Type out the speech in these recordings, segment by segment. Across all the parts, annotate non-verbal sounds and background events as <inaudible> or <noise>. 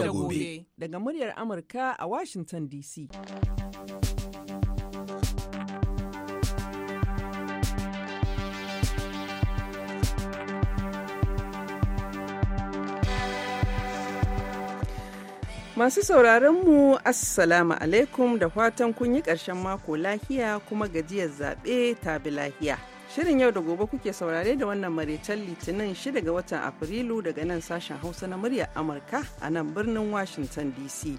da gobe. Daga muryar Amurka a Washington DC. Masu sauraron mu Assalamu alaikum da fatan kun yi ƙarshen mako lahiya kuma gajiyar zaɓe ta bi lahiya. Shirin yau da gobe kuke saurare da wannan maraicen litinin shida ga watan Afrilu daga nan sashen Hausa na muryar Amurka a nan birnin Washington DC.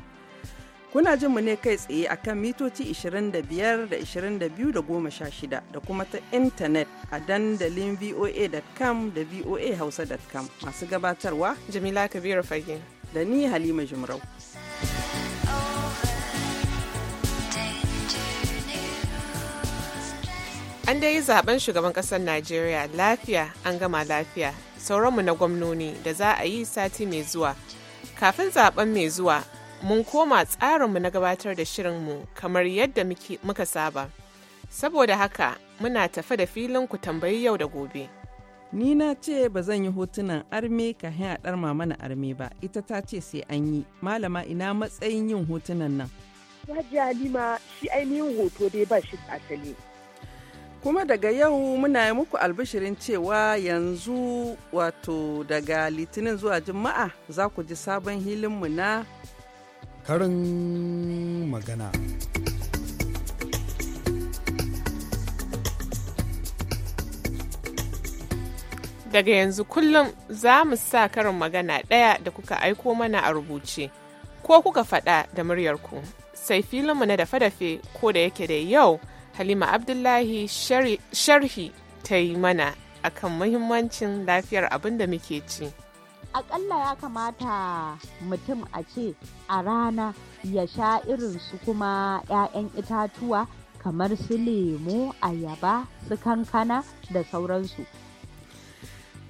Kuna jin mu ne kai tsaye a kan mitoci 25 da 22 da 16 da kuma ta intanet a dandalin voa.com da voahausa.com masu gabatarwa Jamila Kabiru Fage da ni Halima Jumrau. An dai yi zaben shugaban ƙasar Najeriya lafiya an gama lafiya sauranmu na gwamnoni da za a yi sati mai zuwa. Kafin zaben mai zuwa mun koma tsarinmu na gabatar da shirinmu kamar yadda muka saba. Saboda haka muna tafe da filin ku tambayi yau da gobe. Ni na ce ba zan yi hotunan arme ka haɗar mama na arme ba, ita ta ce sai an yi. Malama ina matsayin yin hotunan nan. Hajji Halima shi ainihin hoto dai ba shi asali. kuma daga yau muna yi muku albishirin cewa yanzu wato daga litinin zuwa juma'a za ku ji sabon mu na karin magana daga yanzu kullum za mu sa karin magana ɗaya da kuka aiko mana a rubuce ko kuka faɗa da muryarku sai filinmu na dafe-dafe ko da yake da yau Halima Abdullahi sharhi ta yi mana akan muhimmancin lafiyar abin da muke ci. Aƙalla ya kamata mutum a ce a rana ya sha irin su kuma 'ya'yan itatuwa kamar su lemo, ayaba, su kankana da sauransu.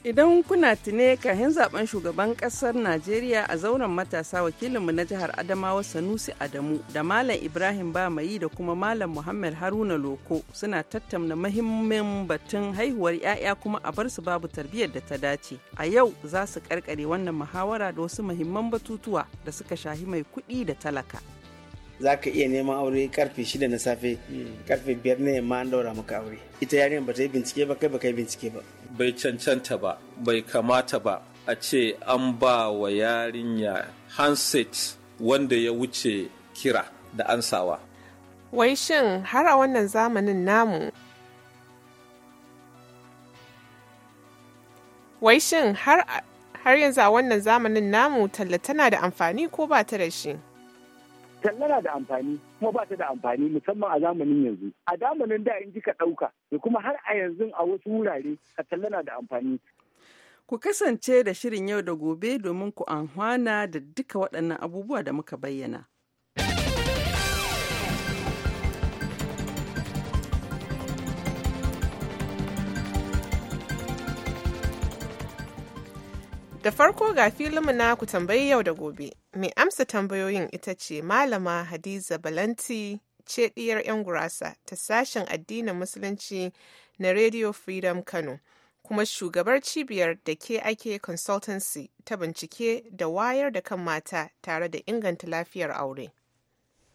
Idan kuna tune kahin zaben shugaban kasar Najeriya a zauren matasa wakilinmu na jihar Adamawa Sanusi Adamu da Malam Ibrahim Bamayi da kuma Malam Muhammad Haruna Loko suna tattauna mahimmin batun haihuwar 'ya'ya kuma a bar su babu tarbiyyar da ta dace. A yau za su karkare wannan muhawara da wasu muhimman batutuwa da suka shahi mai kuɗi da talaka. za ka iya neman aure karfe shida na safe hmm. karfe biyar na yamma an daura maka aure ita yarinyar ba ta yi bincike ba kai ba kai bincike ba bai cancanta ba bai kamata ba a ce an ba wa yarinya handset wanda ya wuce kira da ansawa wai shin har a wannan zamanin namu wai shin har yanzu a wannan zamanin namu talla tana da amfani ko ba ta da shi na da amfani kuma ba ta da amfani musamman a zamanin yanzu a zamanin da in ji ka ɗauka da kuma har a yanzu a wasu wurare a na da amfani ku kasance da shirin yau da gobe domin ku anhwana da duka waɗannan abubuwa da muka bayyana da farko ga filinmu na ku tambayi yau da gobe Mai amsa tambayoyin ita ce Malama Hadiza Balanti ce ɗiyar 'yan gurasa ta sashen addinin Musulunci na Radio Freedom Kano, kuma shugabar cibiyar da ke ake consultancy ta bincike da wayar da kan mata tare da inganta lafiyar aure.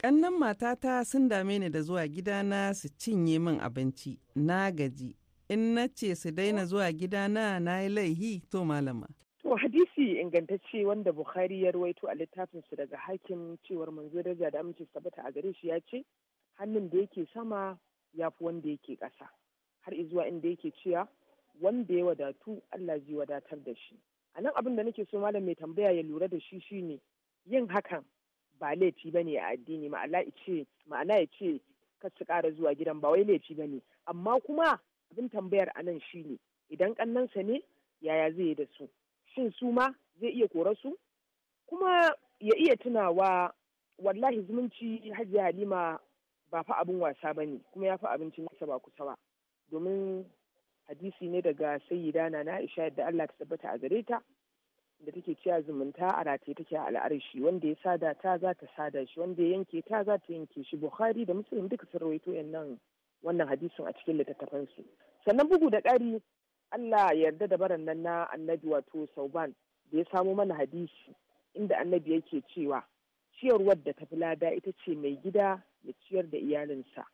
Ƙannan matata sun dame ni da zuwa gidana su cinye min abinci, na gaji, in na ce su daina zuwa gidana na yi laihi to malama. To hadisi ingantacce wanda Bukhari ya ruwaito a littafinsa daga hakim cewar manzo daraja da amince sabata a gare shi ya ce hannun da yake sama ya fi wanda yake ƙasa har izuwa inda yake cewa wanda ya wadatu Allah zai wadatar da shi. A nan abin da nake so malam mai tambaya ya lura da shi shine yin hakan ba laifi ba ne a addini ma'ana ya ce kar su ƙara zuwa gidan ba wai laifi ba ne amma kuma abin tambayar a nan shine idan ƙannansa ne yaya zai yi da su shin su ma zai iya su kuma ya iya tunawa wallahi zumunci Hajiya halima ba fa abin wasa ba ne kuma ya fa abincin nasa ba kusa ba domin hadisi ne daga sayyida na Aisha yadda Allah ta tabbata a gare ta da take cewa zumunta a rataye take a al'arshi wanda ya sada ta za ta sada shi wanda ya yanke ta za ta yanke shi Bukhari da Muslim duka sun rawaito yannan wannan hadisin a cikin littattafansu. sannan bugu da ƙari Allah yarda da baran nan na annabi wato sauban da ya samo mana hadisi inda annabi yake cewa ciyarwar da tafi lada ita ce mai gida ya ciyar da iyalinsa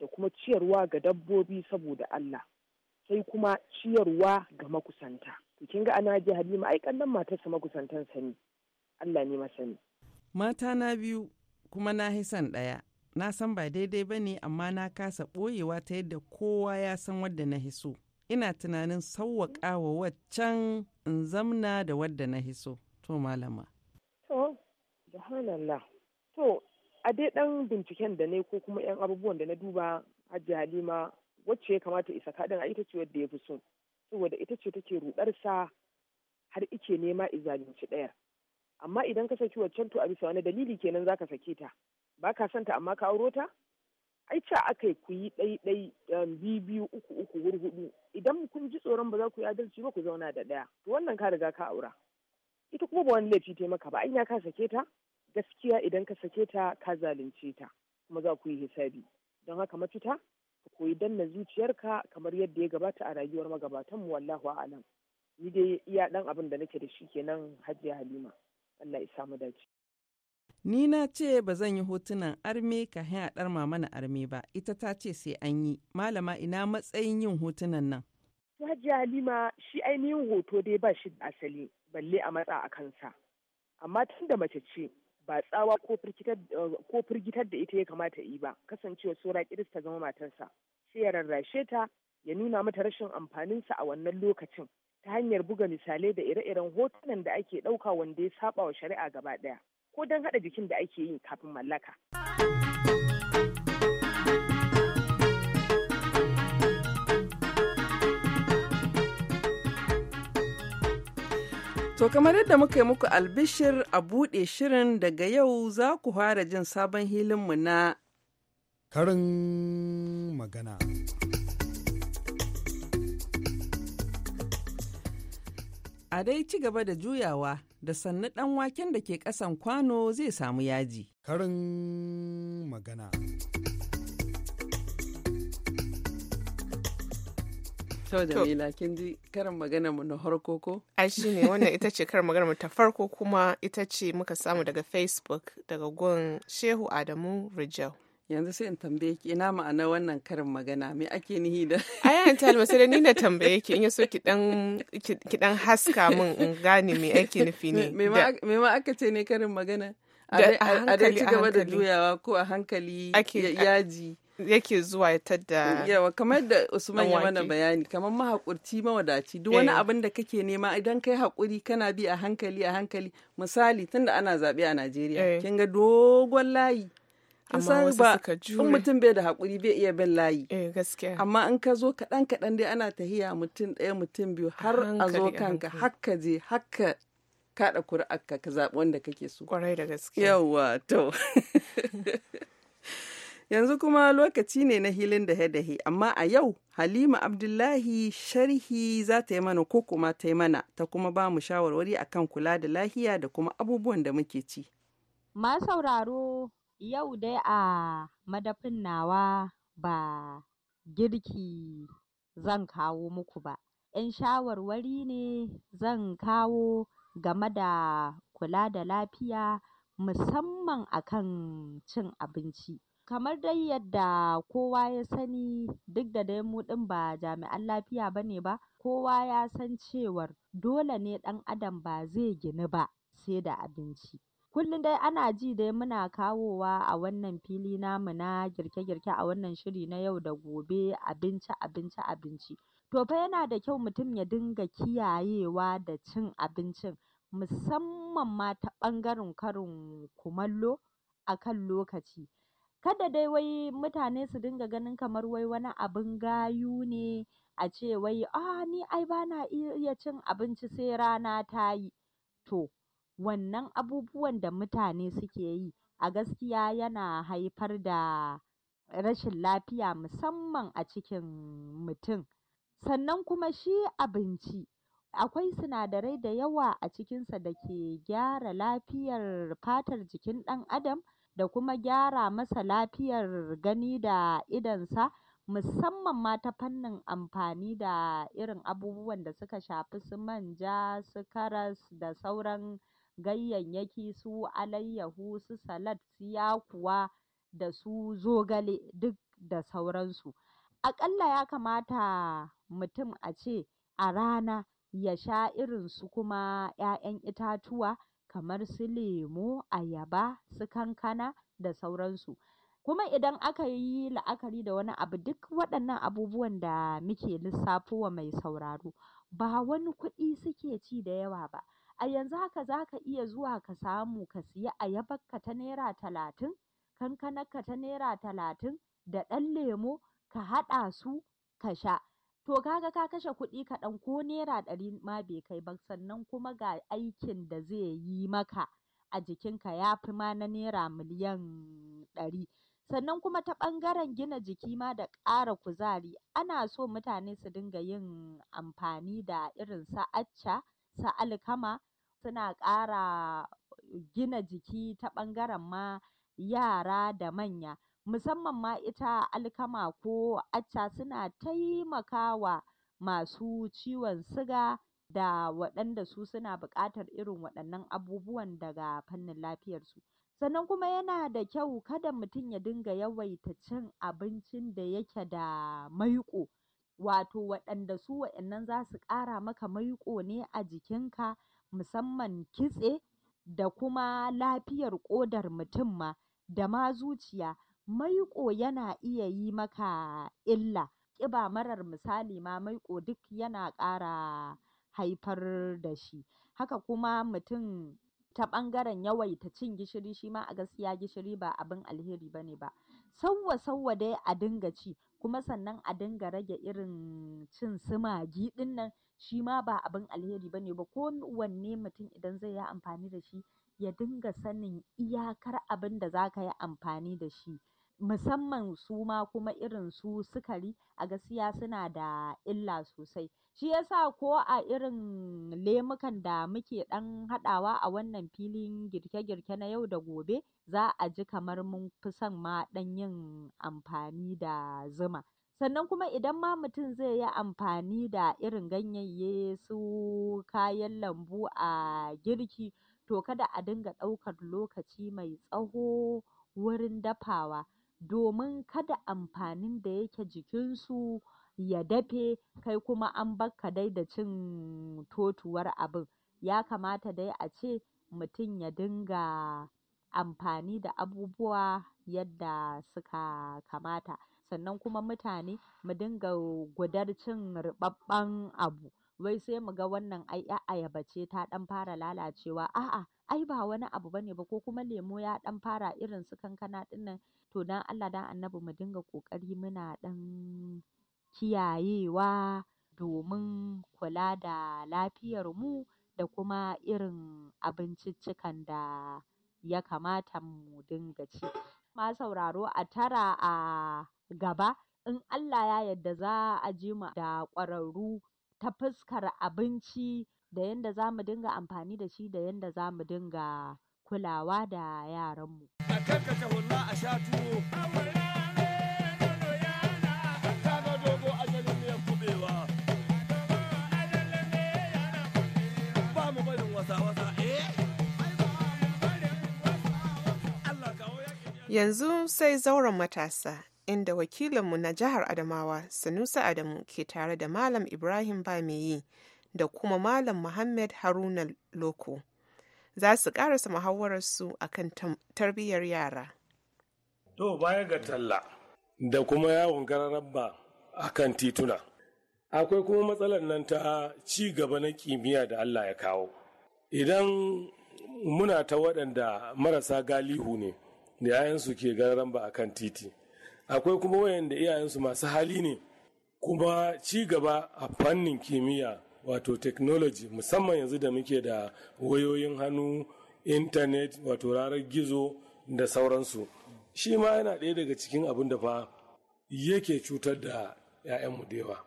da kuma ciyarwa ga dabbobi saboda Allah sai kuma ciyarwa ga makusanta to kin ga ana ji halima ai kallon matarsa makusantan sani Allah ne masani mata na biyu kuma na hisan ɗaya na san ba daidai bane amma na kasa ɓoyewa ta yadda kowa ya san wadda na hiso ina tunanin sauwaƙa wa waccan in zamna da wadda na hiso to malama to subhanallah to a dai ɗan binciken da ne ko kuma yan abubuwan da na duba hajji halima wacce ya kamata isa kaɗin a ita ce wadda ya fi so saboda ita ce take rudarsa har ike nema izalunci ɗaya amma idan ka saki waccan to a bisa wani dalili kenan zaka sake ta ba ka santa amma ka auro ta ai ce aka ku yi ɗai um, biyu biyu uku uku hurhudu idan kun ji tsoron ba za ku yi adalci ba ku zauna da ɗaya to wannan ka riga ka aura ita kuma ba wani laifi taimaka ba anya ka sake ta gaskiya idan ka sake ta ka zalunce ta kuma za ku yi hisabi don haka mafita ka koyi danna zuciyarka kamar yadda ya gabata a rayuwar magabatan mu wallahu a'lam ni dai iya dan abin da nake da shi kenan hajiya halima Allah ya samu dace Ni na ce ba zan yi hotunan arme ka a ɗar mana arme ba, ita ta ce sai an yi. Malama ina matsayin yin hotunan nan. Hajiya Halima shi ainihin hoto dai ba shi da asali balle a matsa a kansa. Amma tun da mace ce ba tsawa ko firgitar da ita ya kamata yi ba kasancewa saura kiris ta zama matarsa. Sai ya rarrashe ta ya nuna mata rashin amfaninsa a wannan lokacin ta hanyar buga misalai da ire-iren hotunan da ake ɗauka wanda ya saba shari'a gaba ɗaya. ko don haɗa jikin da ake yi kafin mallaka. To kamar yadda muka yi muku albishir a buɗe shirin daga yau za ku fara jin sabon hilinmu na karin magana. A dai ci gaba da juyawa da sannu ɗan waken da ke kasan kwano zai samu yaji. Karin magana. Sau mila, kin ji karin magana mu na harko ko? Ai ne wannan ita ce karin magana mu ta farko kuma ita ce muka samu daga Facebook daga gun Shehu Adamu Rijau. yanzu sai in tambaye ki ina ma'ana wannan karin magana me ake nihi da <laughs> ai an talma sai ni na tambaye ki in yaso ki dan ki dan haska min in gane me ake nufi ne me ma aka ce ne karin magana a dai ci gaba da juyawa ko a hankali yaji yake zuwa ya tadda mm, yawa kamar da usman ya mana bayani kamar mahaƙurci mawadaci duk wani eh. abin da kake nema idan kai haƙuri kana bi a hankali a hankali misali tunda ana zaɓe a najeriya eh. kin ga dogon layi amma wasu suka jure in mutum bai da hakuri bai iya bin layi eh gaskiya amma in ka zo kaɗan kaɗan dai ana tahiya mutum ɗaya mutum biyu har a zo kanka hakka je hakka kaɗa kuri'a ka zaɓi wanda kake so kwarai da gaske Yawwa to <laughs> yanzu kuma lokaci ne na hilin da dahe amma a yau halima abdullahi sharhi za ta yi mana ko kuma ta yi mana ta kuma ba mu shawarwari akan kula da lahiya da kuma abubuwan da muke ci ma sauraro Yau dai a madafin nawa ba girki zan kawo muku ba, ‘yan shawarwari ne zan kawo game da kula da lafiya musamman a kan cin abinci. Kamar dai yadda kowa ya sani duk da dai mu ɗin ba jami'an lafiya ba ne ba, kowa ya san cewar dole ne ɗan adam ba zai ginu ba sai da abinci. kullum dai ana ji dai muna kawowa a wannan fili namu na girke-girke a wannan shiri na yau da gobe abinci abinci abinci. To fa yana da kyau mutum ya dinga kiyayewa da cin abincin musamman ma ta ɓangaren karin kumallo a kan lokaci. Kada dai wai mutane su dinga ganin kamar wai wani abin gayu ne a ce wai a ah, ni ai ba na iya cin abinci sai rana ta yi. To wannan abubuwan da mutane suke yi a gaskiya yana haifar da rashin lafiya musamman a cikin mutum. Sannan kuma shi abinci akwai sinadarai da yawa a cikinsa da ke gyara lafiyar fatar jikin ɗan adam da kuma gyara masa lafiyar gani da idonsa musamman ma ta fannin amfani da irin abubuwan da suka shafi su manja, su karas da sauran ganyayyaki su alayyahu, su salad, su yakuwa da su zogale duk da sauransu. Aƙalla ya kamata mutum a ce a rana ya sha irin su kuma ‘ya'yan itatuwa kamar su lemo, ayaba, su kankana da sauransu. Kuma idan aka yi la'akari da wani abu duk waɗannan abubuwan da muke lissafowa mai sauraro ba wani kuɗi suke ci da yawa ba. A yanzu haka za ka iya zuwa ka samu ka siya ayabarka ta naira talatin, kankanarka ta naira talatin da ɗan lemo ka haɗa su ka sha. To ka ga ka kashe kuɗi kaɗan ko naira ɗari ma bai kai ba sannan kuma ga aikin da zai yi maka a jikinka ya fi ma na naira miliyan ɗari. Sannan kuma ta ɓangaren gina jiki ma da ƙara kuzari ana so mutane su dinga yin amfani da irin su acca, su alkama, suna ƙara gina jiki ta ɓangaren ma yara da manya. Musamman ma ita alkama ko acca suna taimakawa masu ciwon siga da waɗanda su suna buƙatar irin waɗannan abubuwan daga fannin lafiyarsu. Sannan kuma yana da kyau kada mutum ya dinga yawaita cin abincin da yake da maiƙo, wato waɗanda su waɗannan za su ƙara maka maiƙo ne a jikinka. musamman kitse da kuma lafiyar ƙodar mutum ma da ma zuciya. Maiƙo yana iya yi maka illa, ƙiba marar misali ma maiƙo duk yana ƙara haifar da shi. Haka kuma mutum ta ɓangaren yawaita cin gishiri shi ma a gaskiya gishiri ba abin alheri ba ne ba. Sauwa sauwa dai a dinga ci kuma sannan a dinga rage irin cin su magi nan. Shima ba abin alheri bane ba ko wanne mutum idan zai yi amfani da shi ya dinga sanin iyakar abin da za yi amfani da shi. Musamman su ma kuma irin su sukari a gaskiya suna da illa sosai. Shi ya ko a irin lemukan da muke ɗan haɗawa a wannan filin girke-girke na yau da gobe za a ji kamar mun fi son ma ɗan yin amfani da zuma. Sannan kuma idan ma mutum zai yi amfani da irin ganyayye su kayan lambu a girki, to kada a dinga ɗaukar lokaci mai tsawo wurin dafawa, domin kada amfanin da yake jikinsu ya dafe, kai kuma an ka dai da cin totuwar abin. Ya kamata dai a ce mutum ya dinga amfani da abubuwa yadda suka kamata. sannan kuma mutane mu dinga gudar cin ruɓaɓɓen abu wai sai mu ga wannan ai ya ayaba ce ta ɗan fara lalacewa a'a ai ba wani abu bane ba ko kuma lemo ya ɗan fara irin su kankana ɗinnan to dan Allah dan Annabi mu dinga ƙoƙari muna ɗan kiyayewa domin kula da lafiyar mu da kuma irin abinciccikan da ya kamata mu dinga ci ma sauraro a tara a gaba in Allah ya yadda za a ji mu da ƙwararru ta fuskar abinci da yanda za mu dinga amfani da shi da yanda za mu dinga kulawa da yaranmu. A karkata wallah a sha tuwo. Yanzu sai zauren matasa inda wakilinmu na jihar Adamawa Sanusa Adamu ke tare da Malam Ibrahim Bameyi da kuma Malam Muhammad Haruna Loko. Za su ƙarasa muhawararsu a kan tarbiyyar yara. To baya ga talla da kuma yawon gararraba a kan tituna. Akwai kuma matsalar nan ta ci gaba na kimiyya da Allah ya kawo. Idan muna ta waɗanda marasa galihu ne. da 'ya'yansu ke gararan ba kan titi akwai kuma wayanda iyayensu masu hali ne kuma ci gaba a fannin kimiyya wato technology musamman yanzu da muke da wayoyin hannu intanet wato rarar gizo da sauransu shi ma yana ɗaya daga cikin abin da fa yake cutar da 'ya'yanmu da yawa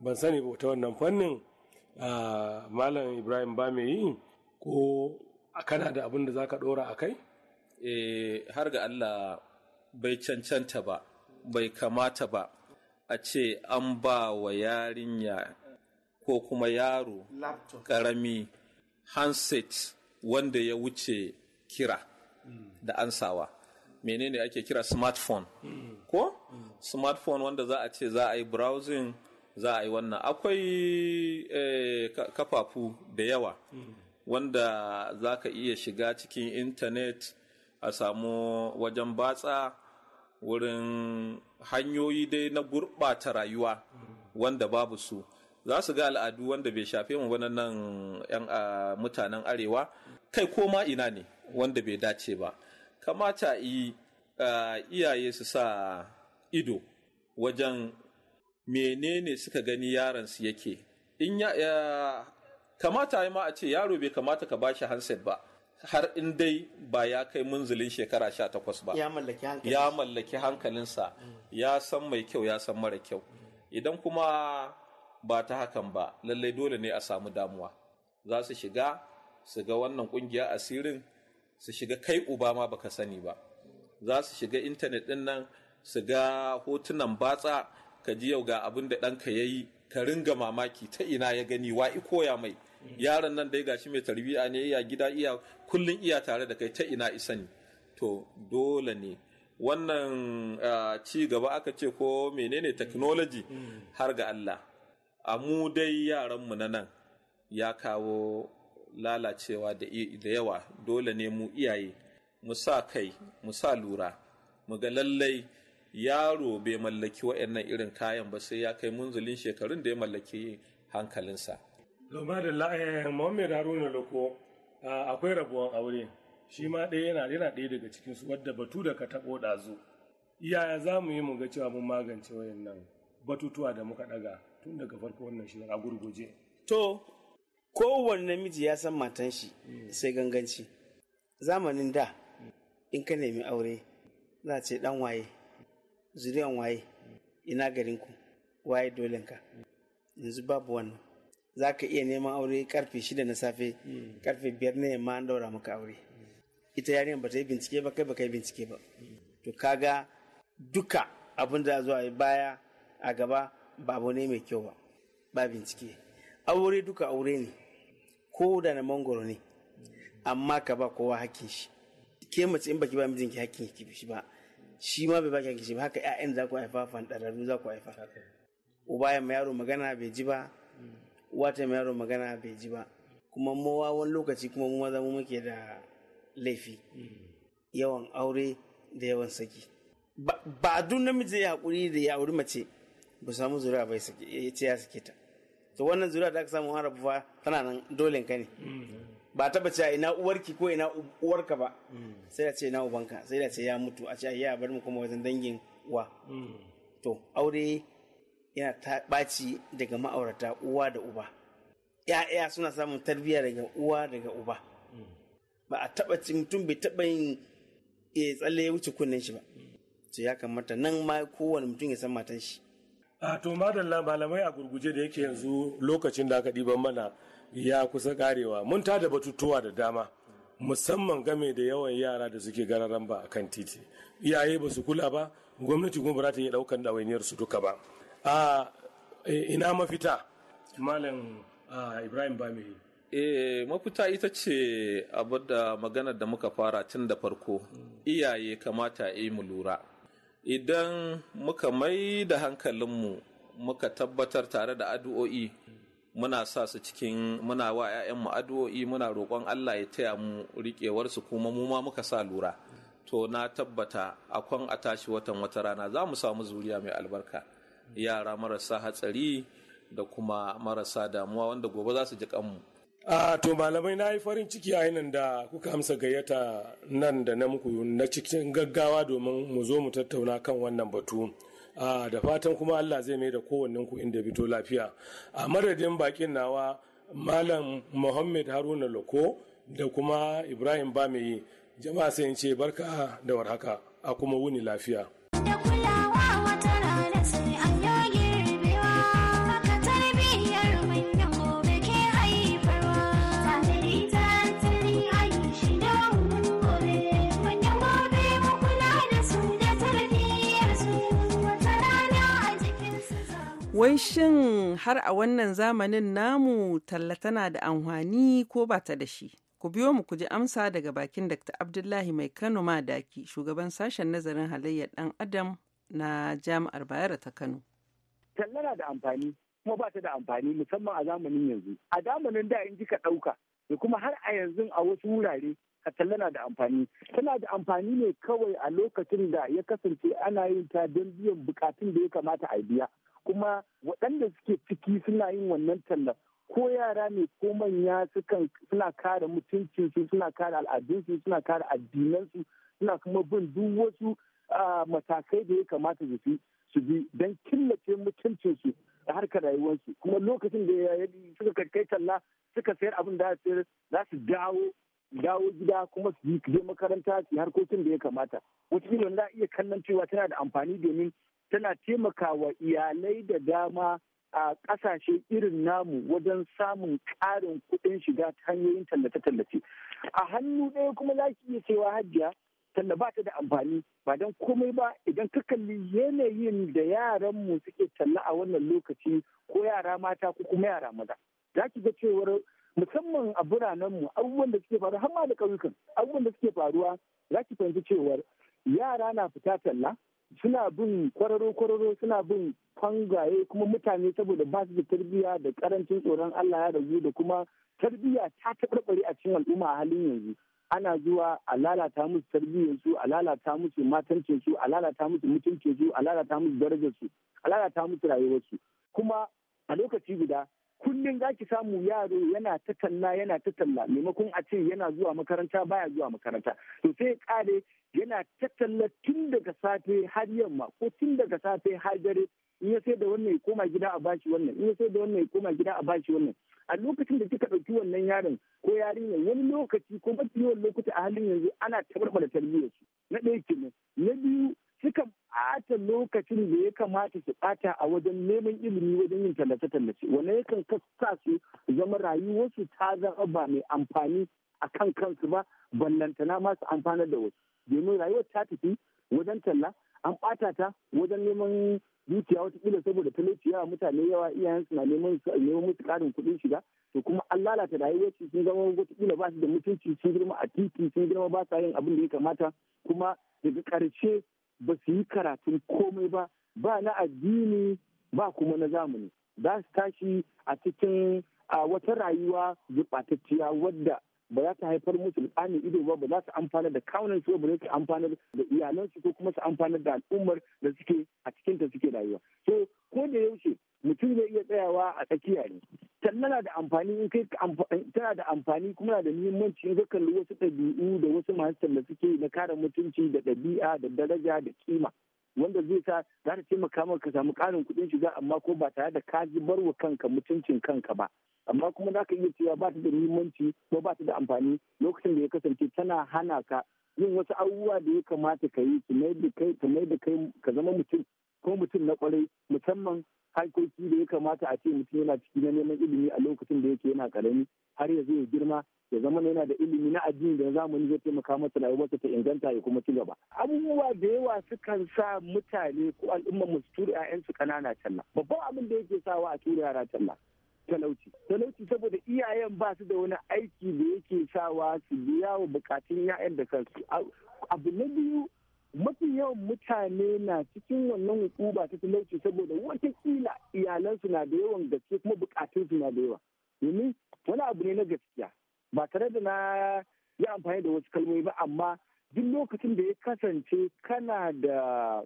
ban sani ba ta wannan fannin malam ibrahim ba mai yi ko kana da abin da za ka ɗora a kai Eh, har ga Allah bai cancanta ba bai kamata ba a ce an ba wa yarinya ko kuma yaro karami handset wanda ya wuce kira da ansawa menene ake kira smartphone ko smartphone wanda za a ce za a yi browsing za a yi wannan akwai eh, kafafu da yawa wanda za ka iya shiga cikin intanet a samu wajen batsa wurin hanyoyi dai na gurɓata rayuwa wanda babu su za su ga al'adu wanda bai shafe mu wani nan yan mutanen arewa kai ko ma ina ne wanda bai dace ba kamata yi iyaye su sa ido wajen menene suka gani yaransu yake in ya kamata ma a ce yaro bai kamata ka bashi handset ba har in dai ba ya kai munzulin shekara sha takwas ba ya mallaki hankalinsa ya san mai kyau ya san mara kyau idan kuma ba ta hakan ba lallai dole ne a samu damuwa za su shiga su ga wannan kungiya asirin su shiga kai uba ma baka sani ba za su shiga intanet din nan su ga hotunan batsa ka ji yau ga abin da ɗanka ya yi ka ringa mamaki ta ina ya gani wa koya mai yaron nan dai gashi mai tarbiya ne ya gida iya kullun iya tare da kai ta ina isa ne. to dole ne wannan ci gaba aka ce ko menene technology mm. har ga Allah a mu dai yaranmu na nan ya kawo lalacewa da yawa dole ne mu iyaye mu sa kai mu sa lura mu ga lallai yaro bai mallaki waɗannan irin kayan ba sai ya kai munzulin shekarun da ya mallaki hankalinsa Lomadilla da eh, Muhammad Haruna Loko akwai rabuwan aure shi ma ɗaya yana yana ɗaya daga cikin su wadda batu da ka taɓo ɗazu. iyaya za mu yi mu ga cewa mun magance wayannan batutuwa da muka ɗaga tun daga farko wannan shi a gurguje. To kowane namiji ya san matan shi sai ganganci. Zamanin da in ka nemi aure za ce ɗan waye zuriyan waye ina garinku waye dolenka yanzu babu wannan za ka iya neman aure karfe shida na safe hmm. karfe biyar na yamma an daura maka aure ita yarinyar ba ta yi bincike ba kai ba kai bincike ba to kaga duka abin da zuwa baya a gaba ba ne mai kyau ba ba bincike aure duka aure ne ko da na mangoro ne amma ka ba kowa hakkin shi ke mace in baki ba ki hakkin ki shi ba shi ma bai baki hakkin shi ba haka ƴaƴan za ku haifa fandararru za ku haifa uba ya yaro magana bai ji ba hmm. uwa ta yaro magana bai ji ba kuma mowa wani lokaci kuma mu maza mu muke da laifi yawan aure da yawan saki ba duk namiji ya hakuri da ya auri mace ba samu zuriya bai ya ce ya sake ta to wannan zuriya da aka samu harafa tana nan dole ka ne ba ta a ina uwarki ko ina uwarka ba sai ya ce ina ubanka sai ya ce ya mutu a ce ya bar mu kuma wajen dangin wa to aure yana ta ɓaci daga ma'aurata uwa da uba ‘ya'ya suna samun tarbiyya daga uwa daga uba ba a taɓa ci mutum bai taɓa yin ya tsalle ya wuce kunnen shi ba to ya kamata nan ma kowane mutum ya san matan shi a to madalla malamai a gurguje da yake yanzu lokacin da aka ɗiban mana ya kusa karewa mun da batutuwa da dama musamman game da yawan yara da suke gararan ba a kan titi iyaye ba su kula ba gwamnati kuma ba za ta iya ɗaukan ɗawainiyar su duka ba a ina mafita malam ibrahim bami Eh mafita ita ce abu da maganar da muka fara tun da farko iyaye kamata yi mu lura idan muka mai da hankalinmu muka tabbatar tare da addu'o'i muna sa su cikin muna wa 'ya'yanmu addu'o'i muna roƙon Allah ya taya mu riƙewarsu kuma mu ma muka sa lura to na tabbata akwai a tashi watan wata rana za mu samu zuriya mai albarka yara marasa hatsari da kuma marasa damuwa wanda gobe za su ji kanmu. A to malamai na yi farin ciki a yanin da kuka amsa gayyata nan da na muku na cikin gaggawa domin mu zo mu tattauna kan wannan batu. da fatan kuma Allah zai mai da kowannen ku inda bito lafiya. A madadin bakin nawa Malam Muhammad Haruna Loko da kuma Ibrahim Bamiyi jama'a sai ce barka da warhaka a kuma wuni lafiya. Wai shin har a wannan zamanin namu talla tana da amfani ko ba ta da shi? Ku biyo mu ku ji amsa daga bakin Dr. Abdullahi Mai Kano ma daki, shugaban sashen nazarin halayyar ɗan Adam na Jami'ar Bayero ta Kano. Talla na da amfani, kuma ba ta da amfani musamman a zamanin yanzu. A zamanin da in ji ka ɗauka, da kuma har a yanzu a wasu wurare talla na da amfani tana da amfani ne kawai a lokacin da ya kasance ana yin ta don biyan bukatun da ya kamata a biya kuma waɗanda suke ciki suna yin wannan talla ko yara ne ko manya sukan suna kare mutuncinsu suna kare al'adunsu suna kare addinansu suna kuma bin duk wasu matakai da ya kamata su bi don killace mutuncinsu da harkar rayuwarsu kuma lokacin da ya suka kai talla suka sayar abin da za su dawo dawo gida kuma su je makaranta su harkokin da ya kamata wata za a iya kallon cewa tana da amfani domin tana taimakawa iyalai da dama a ƙasashe irin namu wajen samun ƙarin kuɗin shiga ta hanyoyin tallace-tallace. A hannu ɗaya kuma za ki iya cewa hajiya talla ba ta da amfani ba don komai ba idan ka kalli yanayin da yaranmu suke talla a wannan lokaci ko yara mata ko kuma yara maza. Za ki ga cewar musamman a biranenmu abubuwan da suke faruwa har ma da ƙauyukan abubuwan da suke faruwa za ki fahimci cewar yara na fita talla suna bin kwararo-kwararo suna bin kwangaye kuma mutane saboda ba su da tarbiyya da karancin tsoron Allah ya ragu da kuma tarbiyya ta taɓarɓare a cikin al'umma a halin yanzu ana zuwa a lalata musu tarbiyyarsu a lalata musu matancinsu a lalata musu mutuncinsu a lalata musu darajarsu a lalata musu rayuwarsu kuma a lokaci guda kullum za ki samu yaro yana ta talla yana ta talla maimakon a ce yana zuwa makaranta baya zuwa makaranta to sai kare yana ta talla tun daga safe har yamma ko tun daga safe har dare in ya sai da wannan ya koma gida a bashi wannan in ya sai da wannan ya koma gida a bashi wannan a lokacin da kika ɗauki wannan yaron ko yarinyar wani lokaci ko mafi yawan lokaci a halin yanzu ana tabarbara tarbiyyar su na ɗaya kenan na biyu suka ɓata lokacin da ya kamata su ɓata a wajen neman ilimi wajen yin tallace-tallace wanda yakan sa su zama rayuwarsu ta zama ba mai amfani a kan kansu ba ballantana masu amfanar da wasu domin rayuwar ta tafi wajen talla an ɓata ta wajen neman dukiya watakila saboda talauci yawa mutane yawa iyayensu na neman neman musu karin kuɗin shiga to kuma an lalata rayuwar su sun zama wata ba su da mutunci sun girma a titi sun girma ba sa yin abin da ya kamata kuma daga ƙarshe ba su yi karatun komai ba ba na addini ba kuma na zamani za su tashi a cikin a wata rayuwa gurɓatacciya wadda ba za ta haifar musu da ido ba ba za su amfanar da kawunan su ba za su amfanar da iyalansu ko kuma su amfanar da al'ummar da suke a cikin ta suke rayuwa so ko da yaushe mutum zai iya tsayawa a tsakiya ne tana da amfani in kai tana da amfani kuma na da muhimmanci in ka kalli wasu ɗabi'u da wasu masu da suke na kare mutunci da ɗabi'a da daraja da kima wanda zai sa za ta taimaka maka ka samu ƙarin kuɗin shiga amma ko ba tare da ka bar wa kanka mutuncin kanka ba amma kuma za ka iya cewa ba ta da muhimmanci ko ba ta da amfani lokacin da ya kasance tana hana ka yin wasu abubuwa da ya kamata ka yi ta mai da kai ka zama mutum ko mutum na kwarai musamman harkoki da ya kamata a ce mutum yana ciki na neman ilimi a lokacin da yake yana karami har ya ya girma ya zama yana da ilimi na addini da zamani zai taimaka masa rayuwarsa ta inganta ya kuma ci gaba abubuwa da yawa sukan sa mutane ko al'ummar mu su tura 'ya'yansu kanana talla babban abin da yake sawa a tura yara talla talauci talauci saboda iyayen ba su da wani aiki da yake sawa su biya wa bukatun 'ya'yan da kansu abu na biyu mafi yawan mutane na cikin wannan hukuma ta talauci saboda watakila iyalansu na da yawan gaske kuma bukatunsu na da yawa domin wani abu ne na gaskiya ba tare da na yi amfani da wasu kalmomi ba amma duk lokacin da ya kasance kana da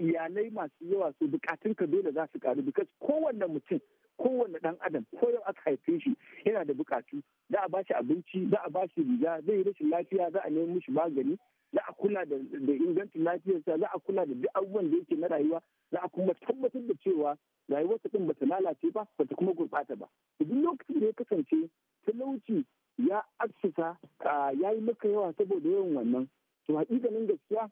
iyalai masu yawa su bukatunka dole za su karu bikas kowanne mutum kowanne dan adam ko yau aka haife shi yana da bukatu za a bashi abinci za a bashi riga zai yi rashin lafiya za a nemi shi magani za a kula da ingancin lafiyarsa za a kula da duk abubuwan da yake na rayuwa za a kuma tabbatar da cewa rayuwarsa din bata lalace ba bata kuma gurɓata ba duk lokacin da ya kasance talauci ya aksisa ya yi maka yawa saboda yawan wannan to hakikanin gaskiya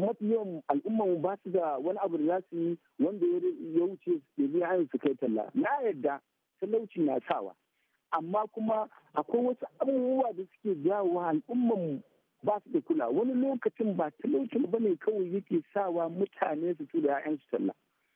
mafi yawan al'umman ba su da wani abu da za su yi wanda ya wuce ya biya hanyar su kai talla na yadda talauci na sawa amma kuma akwai wasu abubuwa da suke jawo al'umman ba su da kula wani lokacin ba talaucin ba ne kawai yake sawa mutane su tura 'ya'yansu talla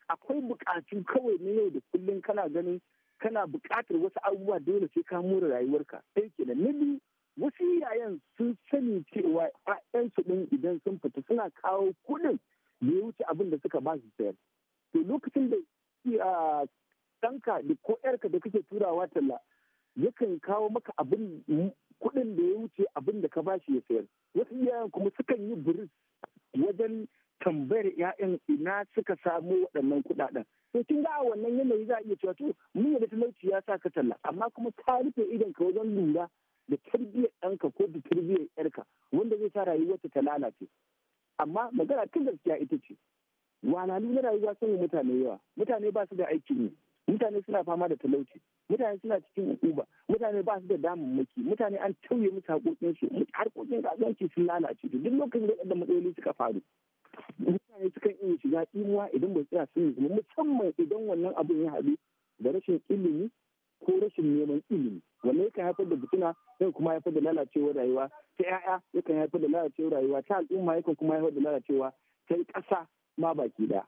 akwai bukatu kawai na yau da kullum kana ganin kana bukatar wasu abubuwa dole sai ka more rayuwarka sai ke na biyu wasu iyayen sun sani cewa 'ya'yansu din idan sun fita suna kawo kuɗin da ya wuce abin da suka ba su sayar to lokacin da ɗanka da ko 'yarka da kake turawa talla yakan kawo maka abin kuɗin da ya wuce abin da ka bashi ya sayar wasu iyayen kuma sukan yi buris wajen tambayar 'ya'yan ina suka samu waɗannan kuɗaɗen to kin ga a wannan yanayi za a iya cewa to mun yadda talauci ya sa ka talla amma kuma ka rufe idon ka wajen lura da tarbiyyar ɗanka ko da tarbiyyar yarka wanda zai sa rayuwarta ta lalace amma magana tun gaskiya ita ce walalu na rayuwa sun mutane yawa mutane ba su da aikin yi mutane suna fama da talauci mutane suna cikin ukuba mutane ba su da damammaki mutane an tauye musu haƙoƙinsu harkokin kasuwanci sun lalace duk lokacin da matsaloli suka faru mutane sukan iya shiga imuwa idan ba tsaya sun zama musamman idan wannan abin ya haɗu da rashin ilimi ko rashin neman ilimi wanda yakan haifar da fitina yakan kuma haifar da lalacewar rayuwa ta 'ya'ya yakan haifar da lalacewar rayuwa ta al'umma yakan kuma haifar da lalacewa ta ƙasa ma baki ɗaya.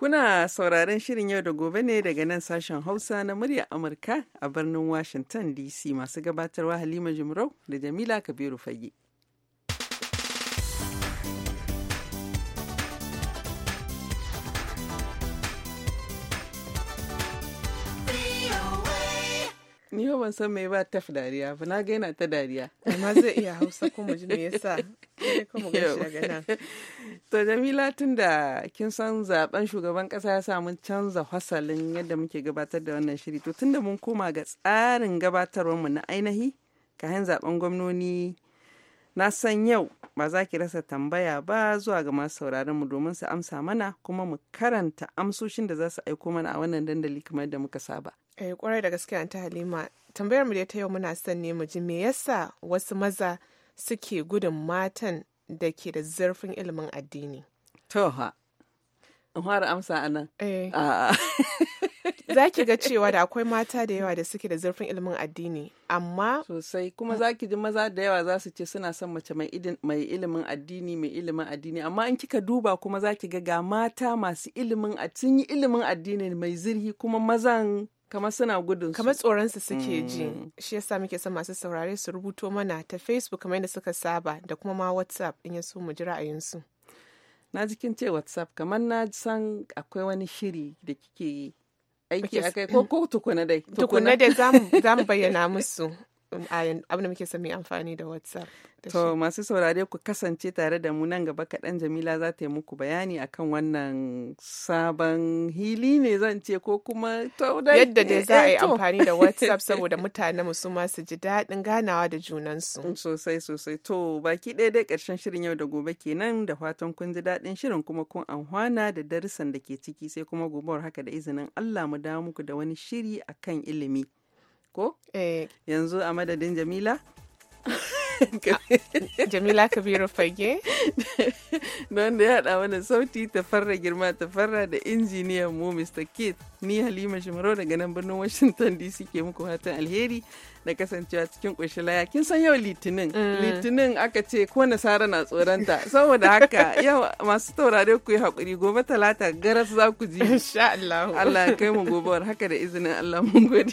Kuna sauraron shirin yau da gobe ne daga nan sashen Hausa na murya Amurka a birnin Washington DC masu gabatarwa Halima Jumrau da Jamila Kabiru Fage. Ni ba ban san me ba ta fi dariya ba na ga yana ta dariya. Amma zai iya Hausa ko mu ji me yasa. <laughs> To Jamila tun da kin san zaben shugaban kasa ya sa mun canza fasalin yadda muke gabatar da wannan shiri. To tun da mun koma ga tsarin gabatarwar mu na ainihi kayan zaben gwamnoni na san yau ba za ki rasa tambaya ba zuwa ga masu sauraron mu domin su amsa mana kuma mu karanta amsoshin da za su aiko mana a wannan dandali kamar da muka saba. Eh, kwarai da gaske ta Halima. Tambayar mu da ta yau muna son ne mu ji me yasa wasu maza suke gudun matan da ke da zurfin ilimin addini. To ha. fara amsa anan. Eh. Ah. <laughs> za ki ga cewa da akwai mata da yawa da suke da zurfin ilimin addini amma sosai kuma za ki ji maza da yawa za su ce suna son mace mai idin, mai ilimin addini mai ilimin addini amma in kika duba kuma za ki ga ga mata masu ilimin sun yi ilimin addini mai zurfi kuma mazan kamar suna gudun kamar tsoron su suke ji mm. shi yasa muke son masu saurare su rubuto mana ta facebook kamar yadda suka saba da kuma ma whatsapp in ya so mu ji ra'ayinsu na jikin ce whatsapp kamar na san akwai wani shiri da kike aiki akai ko ko tukuna dai tukuna dai za mu <laughs> bayyana musu Um, abin da muke sami amfani da whatsapp to masu saurare ku kasance tare da mu nan gaba kaɗan jamila za ta yi muku bayani akan wannan sabon hili ne zan ce ko kuma yadda dai za a yi eh, eh, amfani da whatsapp <laughs> saboda mutane su ma su ji daɗin ganawa da junansu mm, sosai sosai to baki ɗaya dai ƙarshen shirin yau da gobe kenan da fatan kun ji daɗin shirin kuma kun anhwana da darussan da ke ciki sai kuma gobe haka da izinin allah mu dawo muku da wani shiri akan ilimi ko? Eh. Yanzu a madadin Jamila? <laughs> Ah, Jamila Kabiru Fage. <laughs> Don da ya haɗa mana sauti tafarra girma tafarra da injiniyan mu Mr. Kit. Ni Halima Shimaro daga nan birnin Washington DC ke muku hatan alheri da kasancewa cikin ƙoshin laya. Kin san yau Litinin. Mm. Litinin aka ce ko Nasara na tsoronta. Saboda haka <laughs> yau masu taurare ku yi haƙuri gobe talata garas za ku ji. Insha Allah. ya kai mu gobe haka da izinin Allah mun gode.